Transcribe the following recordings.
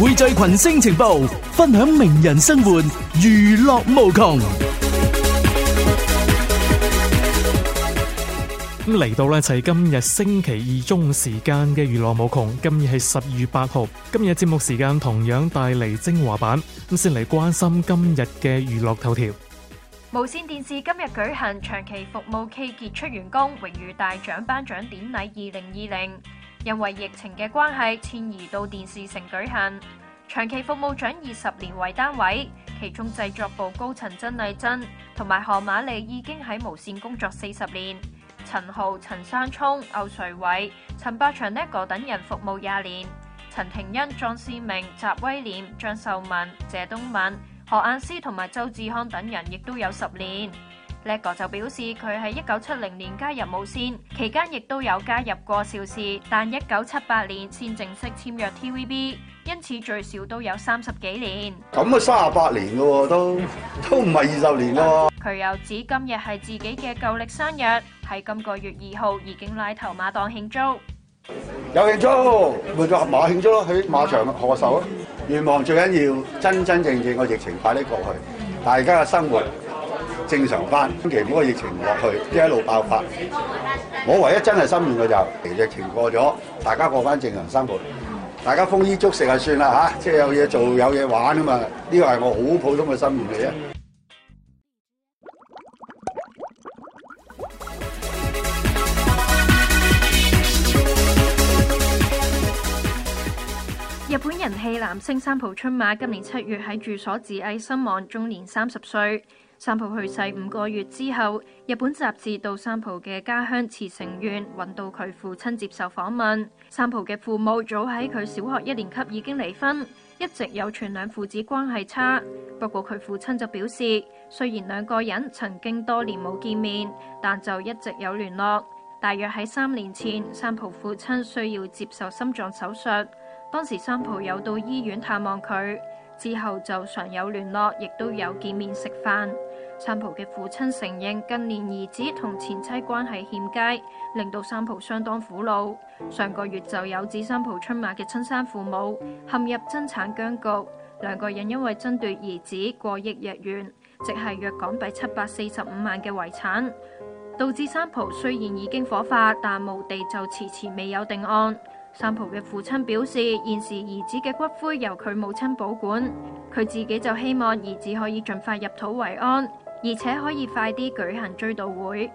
匯聚群星情報，分享名人生活，娛樂無窮。咁嚟到呢，就係今日星期二中午時間嘅娛樂無窮。今日係十二月八號，今日節目時間同樣帶嚟精華版。咁先嚟關心今日嘅娛樂頭條。無綫電視今日舉行長期服務期傑出員工榮譽大獎頒獎典禮，二零二零。因為疫情嘅關係，遷移到電視城舉行。長期服務獎以十年為單位，其中製作部高層曾麗珍同埋何馬利已經喺無線工作四十年，陳豪、陳山聰、歐瑞偉、陳百祥叻哥等人服務廿年，陳庭欣、莊思明、翟威廉、張秀文、謝東敏、何雁詩同埋周志康等人亦都有十年。叻哥就表示佢喺一九七零年加入無線，期間亦都有加入過邵氏，但一九七八年先正式簽約 TVB，因此最少都有三十幾年。咁啊，三十八年咯，都都唔係二十年咯。佢又指今日係自己嘅舊歷生日，喺今個月二號已經拉頭馬檔慶祝。有慶祝咪就合馬慶祝咯，喺馬場賀壽啊！願望最緊要真真正正個疫情快啲過去，大家嘅生活。正常翻，期唔好個疫情落去，即一路爆發。我唯一真係心願嘅就係疫情過咗，大家過翻正常生活，大家豐衣足食就算啦吓，即係有嘢做，有嘢玩啊嘛。呢個係我好普通嘅心願嚟啊！日本人氣男星三浦春馬今年七月喺住所自毀身亡終，終年三十歲。三浦去世五個月之後，日本雜誌到三浦嘅家鄉茨城縣揾到佢父親接受訪問。三浦嘅父母早喺佢小學一年級已經離婚，一直有傳兩父子關係差。不過佢父親就表示，雖然兩個人曾經多年冇見面，但就一直有聯絡。大約喺三年前，三浦父親需要接受心臟手術，當時三浦有到醫院探望佢，之後就常有聯絡，亦都有見面食飯。三浦嘅父親承認近年兒子同前妻關係欠佳，令到三浦相當苦惱。上個月就有指三浦春馬嘅親生父母陷入爭產僵局，兩個人因為爭奪兒子過億日元，即係約港幣七百四十五萬嘅遺產，導致三浦雖然已經火化，但墓地就遲遲未有定案。三浦嘅父親表示，現時兒子嘅骨灰由佢母親保管，佢自己就希望兒子可以盡快入土為安。而且可以快啲舉行追悼會。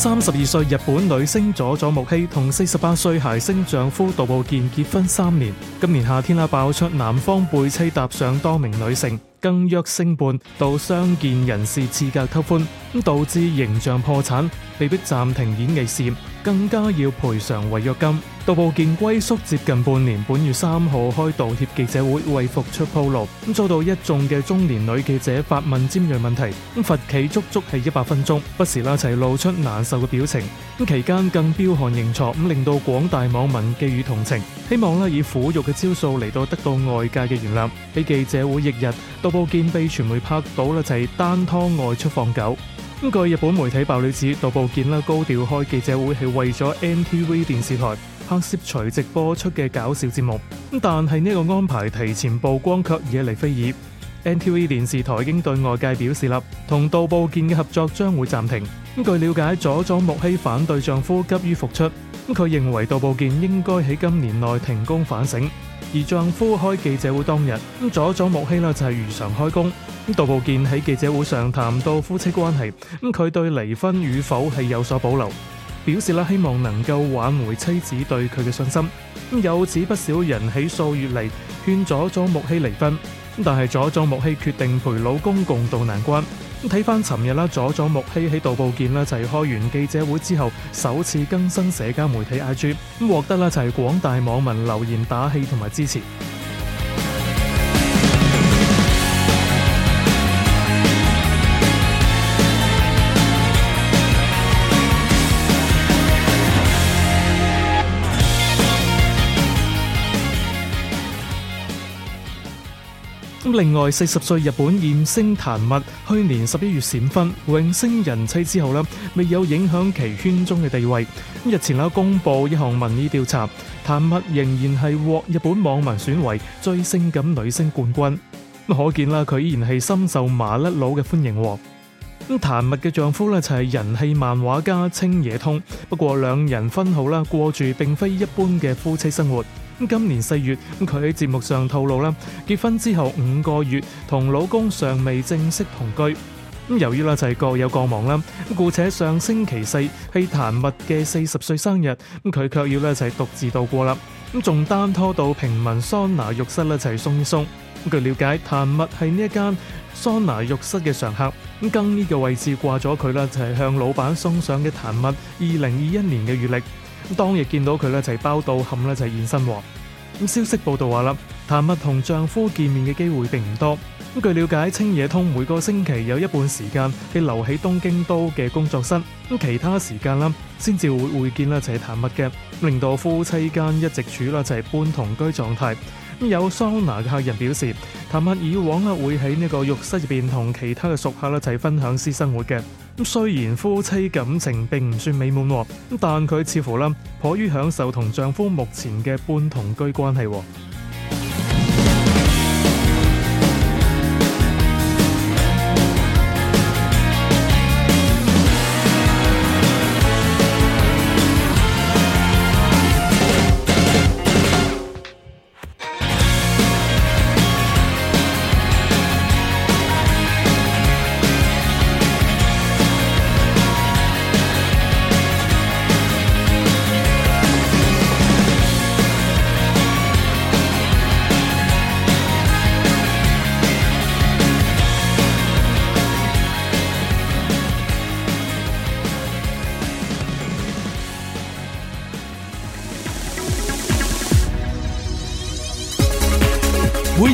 三十二歲日本女星佐佐木希同四十八歲諧星丈夫渡部健結婚三年，今年夏天啦，爆出男方背妻搭上多名女性。更約性伴，到傷健人士廁格偷歡，咁導致形象破產，被迫暫停演藝事業，更加要賠償違約金，渡部建歸宿接近半年。本月三號開道歉記者會為復出鋪路，咁遭到一眾嘅中年女記者發問尖鋭問題，咁罰企足足係一百分鐘，不時拉齊露出難受嘅表情。咁期間更飆汗認錯，咁令到廣大網民寄予同情，希望咧以苦肉嘅招數嚟到得到外界嘅原諒。喺記者會翌日，杜步健被傳媒拍到啦，就係單拖外出放狗。咁據日本媒體爆料指，杜步健啦高調開記者會係為咗 NTV 電視台拍攝隨即播出嘅搞笑節目。咁但係呢個安排提前曝光，卻惹嚟非議。NTV 電視台已經對外界表示啦，同杜步健嘅合作將會暫停。咁據了解，佐佐木希反對丈夫急於復出。咁佢認為杜步健應該喺今年內停工反省。而丈夫開記者會當日，咁佐左木希咧就係如常開工。杜步健喺記者會上談到夫妻關係，咁佢對離婚與否係有所保留，表示啦希望能夠挽回妻子對佢嘅信心。咁有指，不少人喺數月嚟勸佐佐木希離婚，但係佐佐木希決定陪老公共度難關。睇翻尋日啦，佐佐木希喺度報見啦，就係、是、開完記者會之後，首次更新社交媒體 IG，咁獲得啦就係廣大網民留言打氣同埋支持。另外，四十歲日本艷星檀蜜去年十一月閃婚，榮升人妻之後咧，未有影響其圈中嘅地位。日前啦，公布一項民意調查，檀蜜仍然係獲日本網民選為最性感女星冠軍，可見啦，佢依然係深受麻甩佬嘅歡迎。咁檀蜜嘅丈夫咧就係人氣漫畫家清野通，不過兩人婚後啦，過住並非一般嘅夫妻生活。今年四月，佢喺節目上透露啦，結婚之後五個月，同老公尚未正式同居。咁由於呢就係各有各忙啦，故且上星期四，係譚蜜嘅四十歲生日，咁佢卻要呢就係獨自度過啦。咁仲單拖到平民桑拿浴室呢一齊鬆一鬆。咁據瞭解，譚蜜係呢一間桑拿浴室嘅常客，咁更衣嘅位置掛咗佢呢就係、是、向老闆送上嘅譚蜜二零二一年嘅月曆。當日見到佢咧，就係、是、包到冚，咧，就係現身。咁消息報道話啦，譚蜜同丈夫見面嘅機會並唔多。咁據了解，青野通每個星期有一半時間係留喺東京都嘅工作室，咁其他時間啦，先至會會見啦，就係譚蜜嘅，令到夫妻間一直處啦，就係半同居狀態。有桑拿嘅客人表示，談下以往啦，會喺呢個浴室入邊同其他嘅熟客一齊分享私生活嘅。咁雖然夫妻感情並唔算美滿喎、哦，咁但佢似乎啦，頗於享受同丈夫目前嘅半同居關係、哦。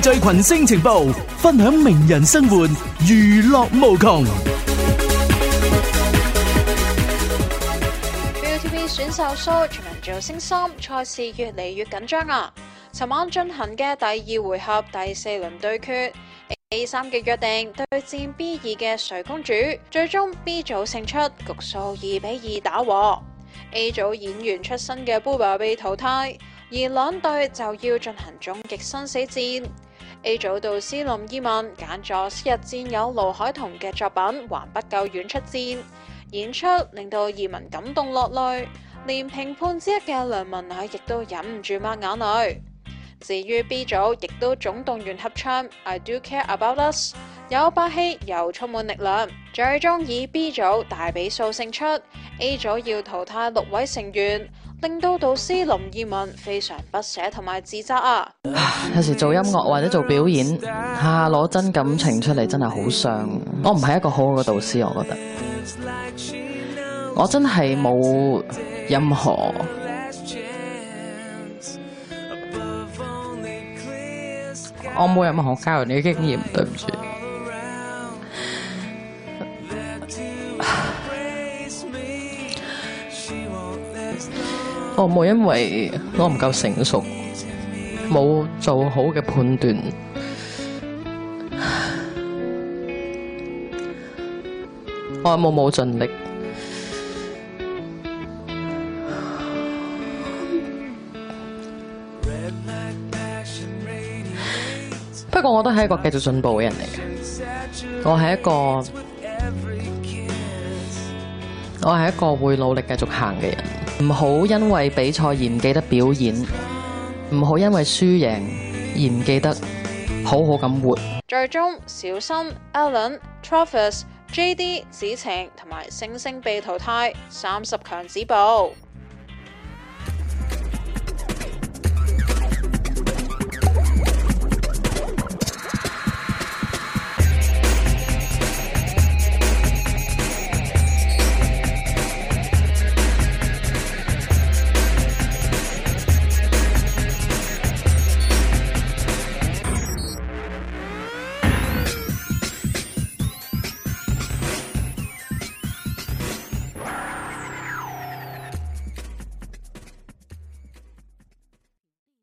聚群星情報，分享名人生活，娛樂無窮。 ViuTV 選秀 show，全民造星三，賽事越嚟越緊張啊！尋晚進行嘅第二回合，第四輪對決，A 三嘅約定對戰 B 二嘅睡公主，最終 B 組勝出，局數二比二打和。A 組演員出身嘅 Booba 被淘汰，而兩隊就要進行終極生死戰。A 組導師林依文揀咗昔日戰友盧凱彤嘅作品，還不夠遠出戰演出，令到移民感動落淚，連評判之一嘅梁文雅亦都忍唔住抹眼淚。至於 B 組，亦都總動員合唱《I Do Care About Us》，有霸氣又充滿力量，最終以 B 組大比數勝出，A 組要淘汰六位成員。令到導師林二汶非常不捨同埋自責啊！有時做音樂或者做表演，下、啊、攞真感情出嚟，真係好傷。我唔係一個好嘅導師，我覺得，我真係冇任何。我冇任何教育經驗，對唔住。我冇因為我唔夠成熟，冇做好嘅判斷，我冇冇盡力。不過我都係一個繼續進步嘅人嚟，我係一個，我係一個會努力繼續行嘅人。唔好因為比賽而唔記得表演，唔好因為輸贏而唔記得好好咁活。最終，小新、Allen、Troffus、J.D. 子晴同埋星星被淘汰，三十強止步。